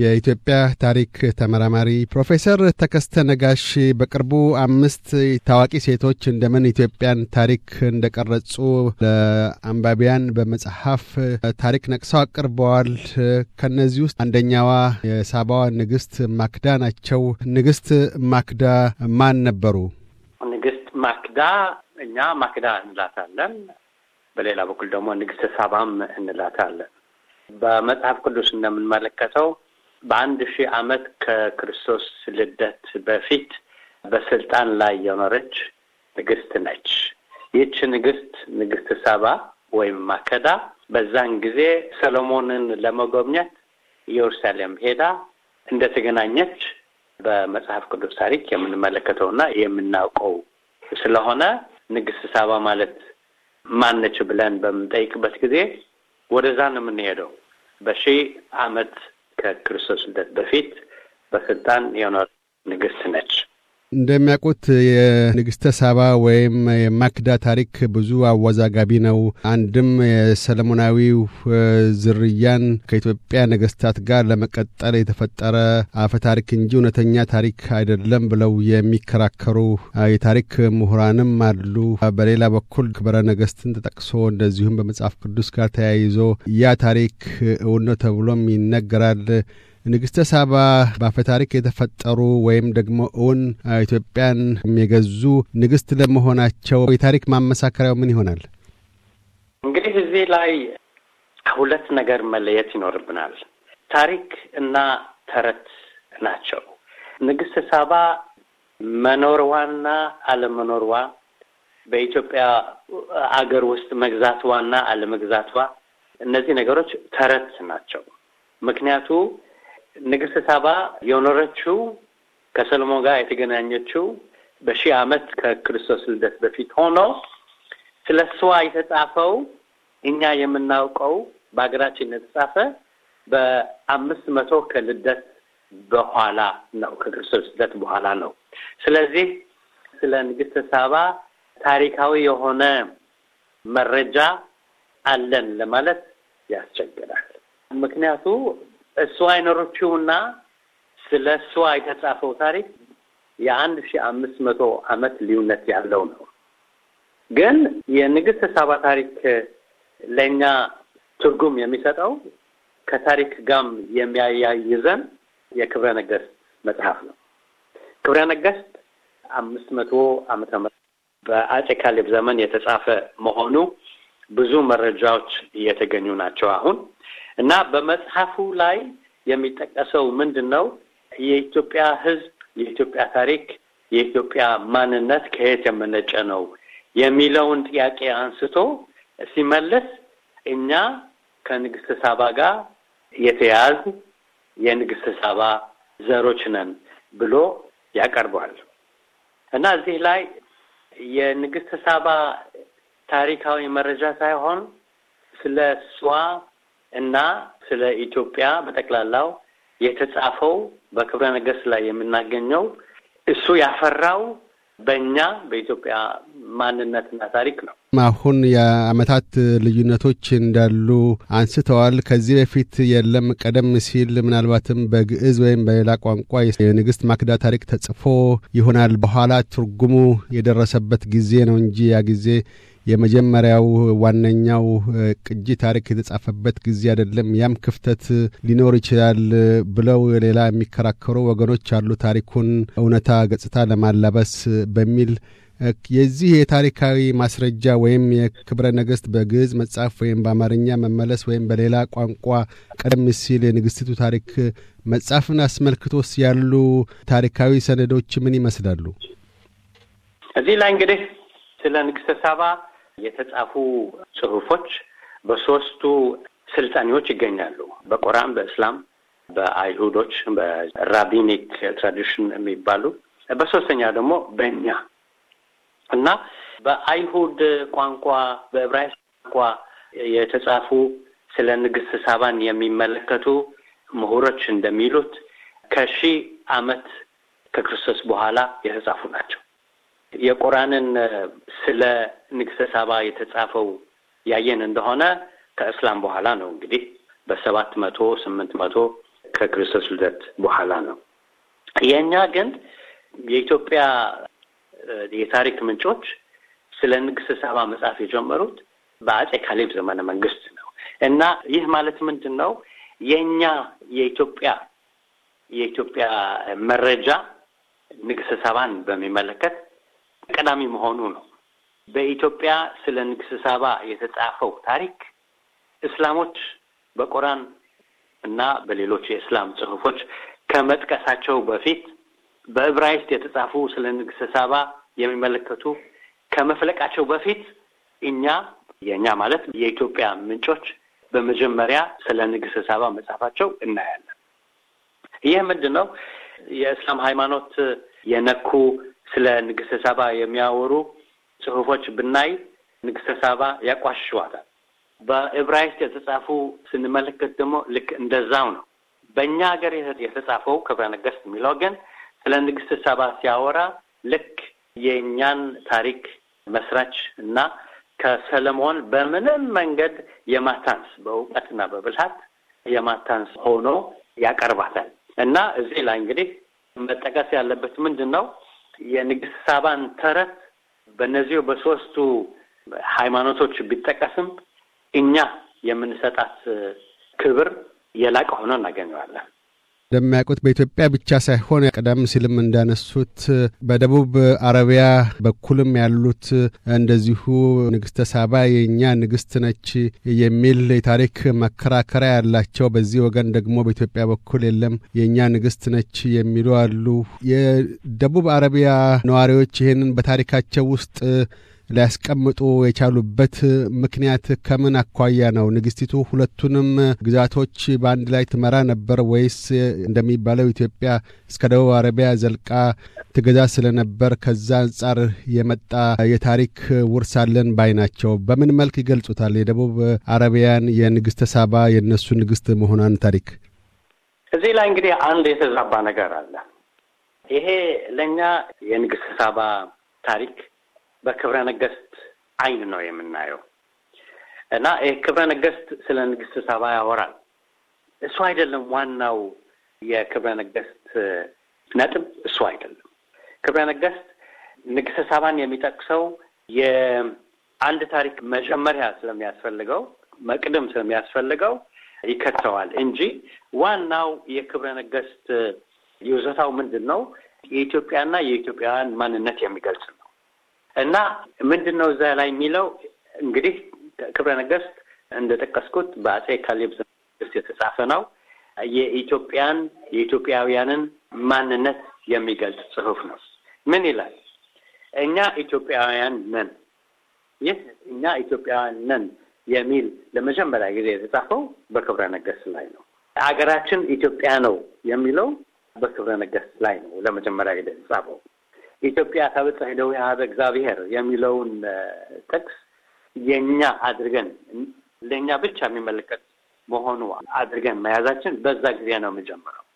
የኢትዮጵያ ታሪክ ተመራማሪ ፕሮፌሰር ተከስተ ነጋሽ በቅርቡ አምስት ታዋቂ ሴቶች እንደምን ኢትዮጵያን ታሪክ እንደቀረጹ ለአንባቢያን በመጽሐፍ ታሪክ ነቅሰው አቅርበዋል። ከነዚህ ውስጥ አንደኛዋ የሳባዋ ንግስት ማክዳ ናቸው። ንግስት ማክዳ ማን ነበሩ? ንግስት ማክዳ እኛ ማክዳ እንላታለን። በሌላ በኩል ደግሞ ንግስት ሳባም እንላታለን። በመጽሐፍ ቅዱስ እንደምንመለከተው በአንድ ሺህ ዓመት ከክርስቶስ ልደት በፊት በስልጣን ላይ የኖረች ንግስት ነች። ይህች ንግስት ንግስት ሳባ ወይም ማከዳ በዛን ጊዜ ሰሎሞንን ለመጎብኘት ኢየሩሳሌም ሄዳ እንደተገናኘች በመጽሐፍ ቅዱስ ታሪክ የምንመለከተውና የምናውቀው ስለሆነ ንግስት ሳባ ማለት ማነች ብለን በምንጠይቅበት ጊዜ ወደዛ ነው የምንሄደው። በሺህ ዓመት ከክርስቶስ ልደት በፊት በስልጣን የሆነ ንግስት ነች። እንደሚያውቁት የንግሥተ ሳባ ወይም የማክዳ ታሪክ ብዙ አወዛጋቢ ነው። አንድም የሰለሞናዊው ዝርያን ከኢትዮጵያ ነገሥታት ጋር ለመቀጠል የተፈጠረ አፈ ታሪክ እንጂ እውነተኛ ታሪክ አይደለም ብለው የሚከራከሩ የታሪክ ምሁራንም አሉ። በሌላ በኩል ክብረ ነገሥትን ተጠቅሶ እንደዚሁም በመጽሐፍ ቅዱስ ጋር ተያይዞ ያ ታሪክ እውነ ተብሎም ይነገራል። ንግሥተ ሳባ በአፈታሪክ የተፈጠሩ ወይም ደግሞ እውን ኢትዮጵያን የገዙ ንግሥት ለመሆናቸው የታሪክ ማመሳከሪያው ምን ይሆናል? እንግዲህ እዚህ ላይ ሁለት ነገር መለየት ይኖርብናል። ታሪክ እና ተረት ናቸው። ንግሥት ሳባ መኖርዋና አለመኖርዋ በኢትዮጵያ አገር ውስጥ መግዛትዋና አለመግዛትዋ እነዚህ ነገሮች ተረት ናቸው። ምክንያቱ ንግስት ሳባ የኖረችው ከሰሎሞን ጋር የተገናኘችው በሺህ ዓመት ከክርስቶስ ልደት በፊት ሆኖ ስለ እሷ የተጻፈው እኛ የምናውቀው በሀገራችን የተጻፈ በአምስት መቶ ከልደት በኋላ ነው፣ ከክርስቶስ ልደት በኋላ ነው። ስለዚህ ስለ ንግስተ ሳባ ታሪካዊ የሆነ መረጃ አለን ለማለት ያስቸግራል። ምክንያቱ እሷ የኖረችውና ስለ እሷ የተጻፈው ታሪክ የአንድ ሺ አምስት መቶ ዓመት ልዩነት ያለው ነው። ግን የንግስት ሳባ ታሪክ ለእኛ ትርጉም የሚሰጠው ከታሪክ ጋም የሚያያይዘን የክብረ ነገስት መጽሐፍ ነው። ክብረ ነገስት አምስት መቶ ዓመተ ምህረት በአጼ ካሌብ ዘመን የተጻፈ መሆኑ ብዙ መረጃዎች እየተገኙ ናቸው። አሁን እና በመጽሐፉ ላይ የሚጠቀሰው ምንድን ነው? የኢትዮጵያ ሕዝብ፣ የኢትዮጵያ ታሪክ፣ የኢትዮጵያ ማንነት ከየት የመነጨ ነው የሚለውን ጥያቄ አንስቶ ሲመልስ እኛ ከንግስት ሳባ ጋር የተያዙ የንግስት ሳባ ዘሮች ነን ብሎ ያቀርበዋል እና እዚህ ላይ የንግስት ሳባ ታሪካዊ መረጃ ሳይሆን ስለ እሷ እና ስለ ኢትዮጵያ በጠቅላላው የተጻፈው በክብረ ነገስት ላይ የምናገኘው እሱ ያፈራው በእኛ በኢትዮጵያ ማንነትና ታሪክ ነው። አሁን የአመታት ልዩነቶች እንዳሉ አንስተዋል። ከዚህ በፊት የለም። ቀደም ሲል ምናልባትም በግዕዝ ወይም በሌላ ቋንቋ የንግስት ማክዳ ታሪክ ተጽፎ ይሆናል። በኋላ ትርጉሙ የደረሰበት ጊዜ ነው እንጂ ያ ጊዜ የመጀመሪያው ዋነኛው ቅጂ ታሪክ የተጻፈበት ጊዜ አይደለም፣ ያም ክፍተት ሊኖር ይችላል ብለው ሌላ የሚከራከሩ ወገኖች አሉ። ታሪኩን እውነታ ገጽታ ለማላበስ በሚል የዚህ የታሪካዊ ማስረጃ ወይም የክብረ ነገሥት በግዕዝ መጽሐፍ ወይም በአማርኛ መመለስ ወይም በሌላ ቋንቋ ቀደም ሲል የንግሥቲቱ ታሪክ መጽሐፍን አስመልክቶስ ያሉ ታሪካዊ ሰነዶች ምን ይመስላሉ? እዚህ ላይ እንግዲህ ስለ ንግሥተ ሳባ የተጻፉ ጽሁፎች በሶስቱ ስልጣኔዎች ይገኛሉ። በቁርአን፣ በእስላም፣ በአይሁዶች በራቢኒክ ትራዲሽን የሚባሉ በሶስተኛ ደግሞ በእኛ እና በአይሁድ ቋንቋ በዕብራይስጥ ቋንቋ የተጻፉ ስለ ንግስት ሳባን የሚመለከቱ ምሁሮች እንደሚሉት ከሺህ ዓመት ከክርስቶስ በኋላ የተጻፉ ናቸው። የቁርአንን ስለ ንግሥተ ሳባ የተጻፈው ያየን እንደሆነ ከእስላም በኋላ ነው እንግዲህ በሰባት መቶ ስምንት መቶ ከክርስቶስ ልደት በኋላ ነው። የእኛ ግን የኢትዮጵያ የታሪክ ምንጮች ስለ ንግሥተ ሳባ መጽሐፍ የጀመሩት በአጼ ካሌብ ዘመነ መንግስት ነው እና ይህ ማለት ምንድን ነው? የእኛ የኢትዮጵያ የኢትዮጵያ መረጃ ንግሥተ ሳባን በሚመለከት ቀዳሚ መሆኑ ነው። በኢትዮጵያ ስለ ንግስ ሳባ የተጻፈው ታሪክ እስላሞች በቁርአን እና በሌሎች የእስላም ጽሁፎች ከመጥቀሳቸው በፊት በዕብራይስጥ የተጻፉ ስለ ንግስ ሳባ የሚመለከቱ ከመፍለቃቸው በፊት እኛ የእኛ ማለት የኢትዮጵያ ምንጮች በመጀመሪያ ስለ ንግስ ሳባ መጻፋቸው እናያለን። ይህ ምንድን ነው? የእስላም ሃይማኖት የነኩ ስለ ንግስ ሳባ የሚያወሩ ጽሁፎች ብናይ ንግሥተ ሳባ ያቋሽሸዋታል። በዕብራይስጥ የተጻፉ ስንመለከት ደግሞ ልክ እንደዛው ነው። በእኛ ሀገር የተጻፈው ክብረ ነገስት የሚለው ግን ስለ ንግሥት ሳባ ሲያወራ ልክ የእኛን ታሪክ መስራች እና ከሰለሞን በምንም መንገድ የማታንስ በእውቀትና በብልሃት የማታንስ ሆኖ ያቀርባታል እና እዚህ ላይ እንግዲህ መጠቀስ ያለበት ምንድን ነው የንግሥት ሳባን ተረት በእነዚሁ በሶስቱ ሃይማኖቶች ቢጠቀስም እኛ የምንሰጣት ክብር የላቀ ሆኖ እናገኘዋለን። እንደሚያውቁት በኢትዮጵያ ብቻ ሳይሆን ቀደም ሲልም እንዳነሱት በደቡብ አረቢያ በኩልም ያሉት እንደዚሁ ንግሥተ ሳባ የእኛ ንግሥት ነች የሚል የታሪክ መከራከሪያ ያላቸው፣ በዚህ ወገን ደግሞ በኢትዮጵያ በኩል የለም የእኛ ንግሥት ነች የሚሉ አሉ። የደቡብ አረቢያ ነዋሪዎች ይህንን በታሪካቸው ውስጥ ሊያስቀምጡ የቻሉበት ምክንያት ከምን አኳያ ነው? ንግስቲቱ ሁለቱንም ግዛቶች በአንድ ላይ ትመራ ነበር ወይስ እንደሚባለው ኢትዮጵያ እስከ ደቡብ አረቢያ ዘልቃ ትገዛ ስለነበር ከዛ አንጻር የመጣ የታሪክ ውርስ አለን ባይ ናቸው? በምን መልክ ይገልጹታል? የደቡብ አረቢያን የንግስተ ሳባ የእነሱ ንግስት መሆኗን ታሪክ እዚህ ላይ እንግዲህ አንድ የተዛባ ነገር አለ። ይሄ ለእኛ የንግሥተ ሳባ ታሪክ በክብረ ነገስት አይን ነው የምናየው እና ይህ ክብረ ነገስት ስለ ንግስት ሳባ ያወራል። እሱ አይደለም ዋናው የክብረ ነገስት ነጥብ፣ እሱ አይደለም። ክብረ ነገስት ንግስት ሳባን የሚጠቅሰው የአንድ ታሪክ መጀመሪያ ስለሚያስፈልገው መቅደም ስለሚያስፈልገው ይከተዋል እንጂ ዋናው የክብረ ነገስት ይዞታው ምንድን ነው? የኢትዮጵያና የኢትዮጵያውያን ማንነት የሚገልጽ ነው። እና ምንድን ነው እዛ ላይ የሚለው እንግዲህ ክብረ ነገስት እንደጠቀስኩት በአጼ ካሌብ ዘመንግስት የተጻፈ ነው። የኢትዮጵያን የኢትዮጵያውያንን ማንነት የሚገልጽ ጽሁፍ ነው። ምን ይላል? እኛ ኢትዮጵያውያን ነን። ይህ እኛ ኢትዮጵያውያን ነን የሚል ለመጀመሪያ ጊዜ የተጻፈው በክብረ ነገስት ላይ ነው። አገራችን ኢትዮጵያ ነው የሚለው በክብረ ነገስት ላይ ነው ለመጀመሪያ ጊዜ የተጻፈው። ኢትዮጵያ ታበጽሕ እደዊሃ እግዚአብሔር የሚለውን ጥቅስ የኛ አድርገን ለእኛ ብቻ የሚመለከት መሆኑ አድርገን መያዛችን በዛ ጊዜ ነው የምጀምረው።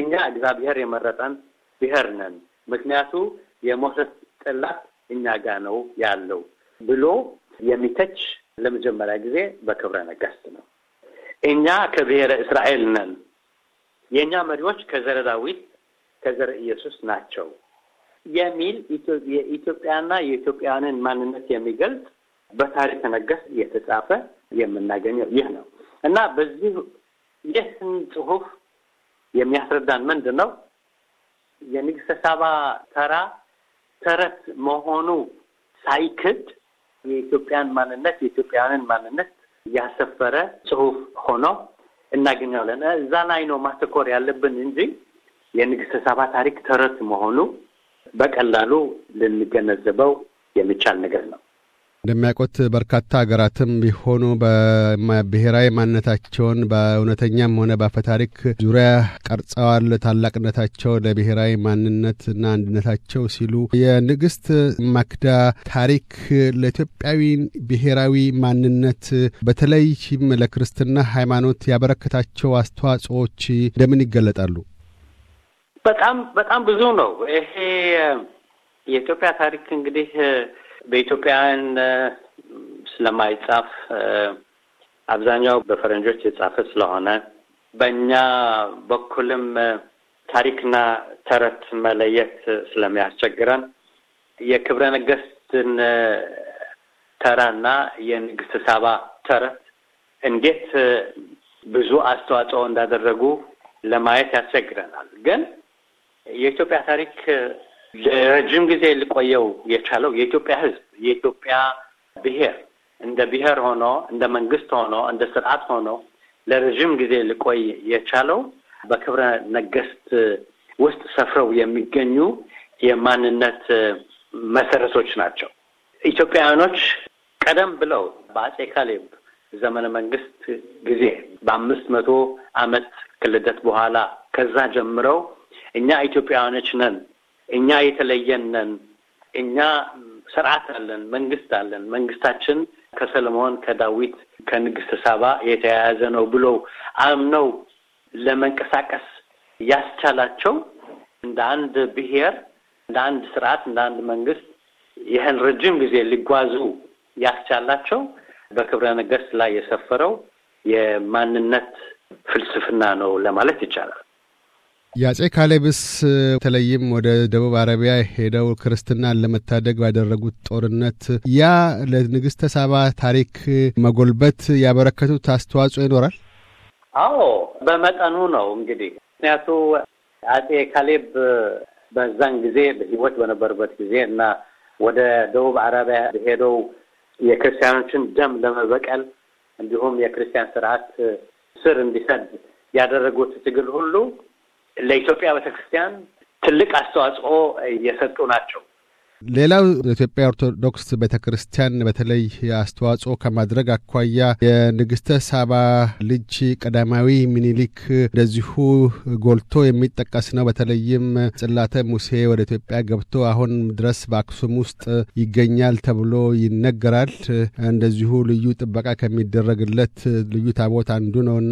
እኛ እግዚአብሔር የመረጠን ብሔር ነን፣ ምክንያቱ የሞሰስ ጥላት እኛ ጋ ነው ያለው ብሎ የሚተች ለመጀመሪያ ጊዜ በክብረ ነገስት ነው። እኛ ከብሔረ እስራኤል ነን፣ የእኛ መሪዎች ከዘረ ዳዊት ከዘረ ኢየሱስ ናቸው የሚል የኢትዮጵያና የኢትዮጵያውያንን ማንነት የሚገልጽ በታሪክ ነገስ እየተጻፈ የምናገኘው ይህ ነው እና በዚህ ይህን ጽሁፍ የሚያስረዳን ምንድን ነው? የንግሥተ ሳባ ተራ ተረት መሆኑ ሳይክድ የኢትዮጵያን ማንነት የኢትዮጵያውያንን ማንነት ያሰፈረ ጽሁፍ ሆኖ እናገኘዋለን። እዛ ላይ ነው ማተኮር ያለብን እንጂ የንግሥተ ሳባ ታሪክ ተረት መሆኑ በቀላሉ ልንገነዘበው የሚቻል ነገር ነው። እንደሚያውቁት በርካታ ሀገራትም ቢሆኑ በብሔራዊ ማንነታቸውን በእውነተኛም ሆነ በአፈታሪክ ዙሪያ ቀርጸዋል። ታላቅነታቸው ለብሔራዊ ማንነት እና አንድነታቸው ሲሉ የንግስት ማክዳ ታሪክ ለኢትዮጵያዊ ብሔራዊ ማንነት በተለይም ለክርስትና ሃይማኖት ያበረከታቸው አስተዋጽኦዎች እንደምን ይገለጣሉ? በጣም በጣም ብዙ ነው። ይሄ የኢትዮጵያ ታሪክ እንግዲህ በኢትዮጵያውያን ስለማይጻፍ አብዛኛው በፈረንጆች የጻፈ ስለሆነ በእኛ በኩልም ታሪክና ተረት መለየት ስለሚያስቸግረን የክብረ ነገስትን ተራና የንግስት ሳባ ተረት እንዴት ብዙ አስተዋጽኦ እንዳደረጉ ለማየት ያስቸግረናል ግን የኢትዮጵያ ታሪክ ለረጅም ጊዜ ሊቆየው የቻለው የኢትዮጵያ ሕዝብ የኢትዮጵያ ብሔር እንደ ብሔር ሆኖ እንደ መንግስት ሆኖ እንደ ስርዓት ሆኖ ለረዥም ጊዜ ሊቆይ የቻለው በክብረ ነገስት ውስጥ ሰፍረው የሚገኙ የማንነት መሰረቶች ናቸው። ኢትዮጵያውያኖች ቀደም ብለው በአጼ ካሌብ ዘመነ መንግስት ጊዜ በአምስት መቶ አመት ክልደት በኋላ ከዛ ጀምረው እኛ ኢትዮጵያውያኖች ነን፣ እኛ የተለየን ነን፣ እኛ ስርዓት አለን፣ መንግስት አለን፣ መንግስታችን ከሰለሞን ከዳዊት ከንግስት ሳባ የተያያዘ ነው ብሎ አምነው ለመንቀሳቀስ ያስቻላቸው እንደ አንድ ብሔር፣ እንደ አንድ ስርዓት፣ እንደ አንድ መንግስት ይህን ረጅም ጊዜ ሊጓዙ ያስቻላቸው በክብረ ነገስት ላይ የሰፈረው የማንነት ፍልስፍና ነው ለማለት ይቻላል። የአጼ ካሌብስ በተለይም ወደ ደቡብ አረቢያ ሄደው ክርስትናን ለመታደግ ባደረጉት ጦርነት ያ ለንግሥተ ሳባ ታሪክ መጎልበት ያበረከቱት አስተዋጽኦ ይኖራል? አዎ በመጠኑ ነው እንግዲህ። ምክንያቱ አጼ ካሌብ በዛን ጊዜ በሕይወት በነበሩበት ጊዜ እና ወደ ደቡብ አረቢያ ሄደው የክርስቲያኖችን ደም ለመበቀል እንዲሁም የክርስቲያን ስርዓት ስር እንዲሰድ ያደረጉት ትግል ሁሉ ለኢትዮጵያ ቤተክርስቲያን ትልቅ አስተዋጽኦ የሰጡ ናቸው። ሌላው ኢትዮጵያ ኦርቶዶክስ ቤተ ክርስቲያን በተለይ አስተዋጽኦ ከማድረግ አኳያ የንግሥተ ሳባ ልጅ ቀዳማዊ ሚኒሊክ እንደዚሁ ጎልቶ የሚጠቀስ ነው። በተለይም ጽላተ ሙሴ ወደ ኢትዮጵያ ገብቶ አሁን ድረስ በአክሱም ውስጥ ይገኛል ተብሎ ይነገራል። እንደዚሁ ልዩ ጥበቃ ከሚደረግለት ልዩ ታቦት አንዱ ነውና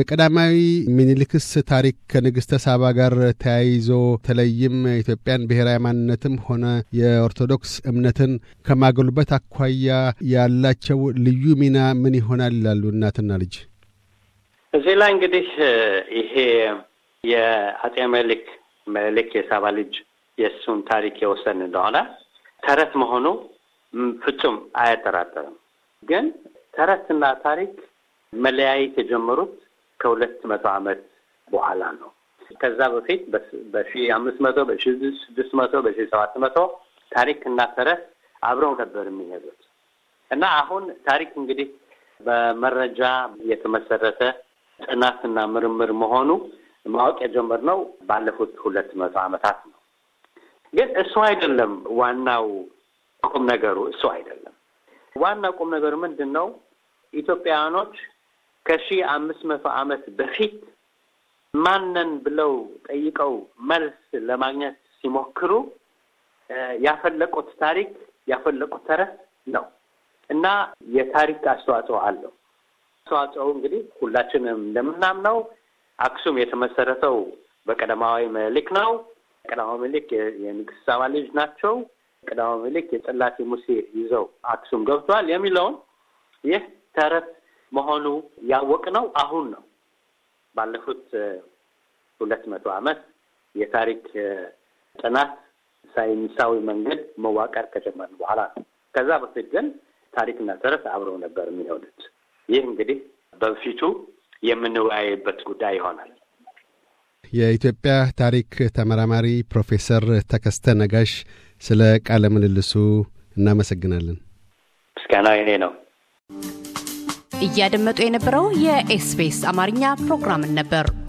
በቀዳማዊ ሚኒሊክስ ታሪክ ከንግሥተ ሳባ ጋር ተያይዞ በተለይም ኢትዮጵያን ብሔራዊ ማንነትም ሆነ የኦርቶዶክስ እምነትን ከማጎልበት አኳያ ያላቸው ልዩ ሚና ምን ይሆናል ይላሉ እናትና ልጅ? እዚህ ላይ እንግዲህ ይሄ የአጼ ምኒልክ ምኒልክ የሳባ ልጅ የእሱን ታሪክ የወሰን እንደሆነ ተረት መሆኑ ፍጹም አያጠራጠርም። ግን ተረትና ታሪክ መለያየት የጀመሩት ከሁለት መቶ ዓመት በኋላ ነው። ከዛ በፊት በሺ አምስት መቶ በሺ ስድስት መቶ በሺ ሰባት መቶ ታሪክ እና ተረት አብረው ነበር የሚሄዱት እና አሁን ታሪክ እንግዲህ በመረጃ የተመሰረተ ጥናትና ምርምር መሆኑ ማወቅ የጀመርነው ባለፉት ሁለት መቶ ዓመታት ነው። ግን እሱ አይደለም ዋናው ቁም ነገሩ፣ እሱ አይደለም ዋና ቁም ነገሩ ምንድን ነው? ኢትዮጵያውያኖች ከሺህ አምስት መቶ ዓመት በፊት ማንን ብለው ጠይቀው መልስ ለማግኘት ሲሞክሩ ያፈለቁት ታሪክ ያፈለቁት ተረት ነው እና የታሪክ አስተዋጽኦ አለው። አስተዋጽኦ እንግዲህ ሁላችንም እንደምናምነው አክሱም የተመሰረተው በቀዳማዊ ምኒልክ ነው። ቀዳማዊ ምኒልክ የንግስት ሳባ ልጅ ናቸው። ቀዳማዊ ምኒልክ የጽላቴ ሙሴ ይዘው አክሱም ገብተዋል የሚለውን ይህ ተረት መሆኑ ያወቅ ነው አሁን ነው። ባለፉት ሁለት መቶ ዓመት የታሪክ ጥናት ሳይንሳዊ መንገድ መዋቀር ከጀመርን በኋላ ነው። ከዛ በፊት ግን ታሪክና ተረት አብረው ነበር የሚሆኑት። ይህ እንግዲህ በፊቱ የምንወያይበት ጉዳይ ይሆናል። የኢትዮጵያ ታሪክ ተመራማሪ ፕሮፌሰር ተከስተ ነጋሽ ስለ ቃለ ምልልሱ እናመሰግናለን። ምስጋና የኔ ነው። እያደመጡ የነበረው የኤስቢኤስ አማርኛ ፕሮግራምን ነበር።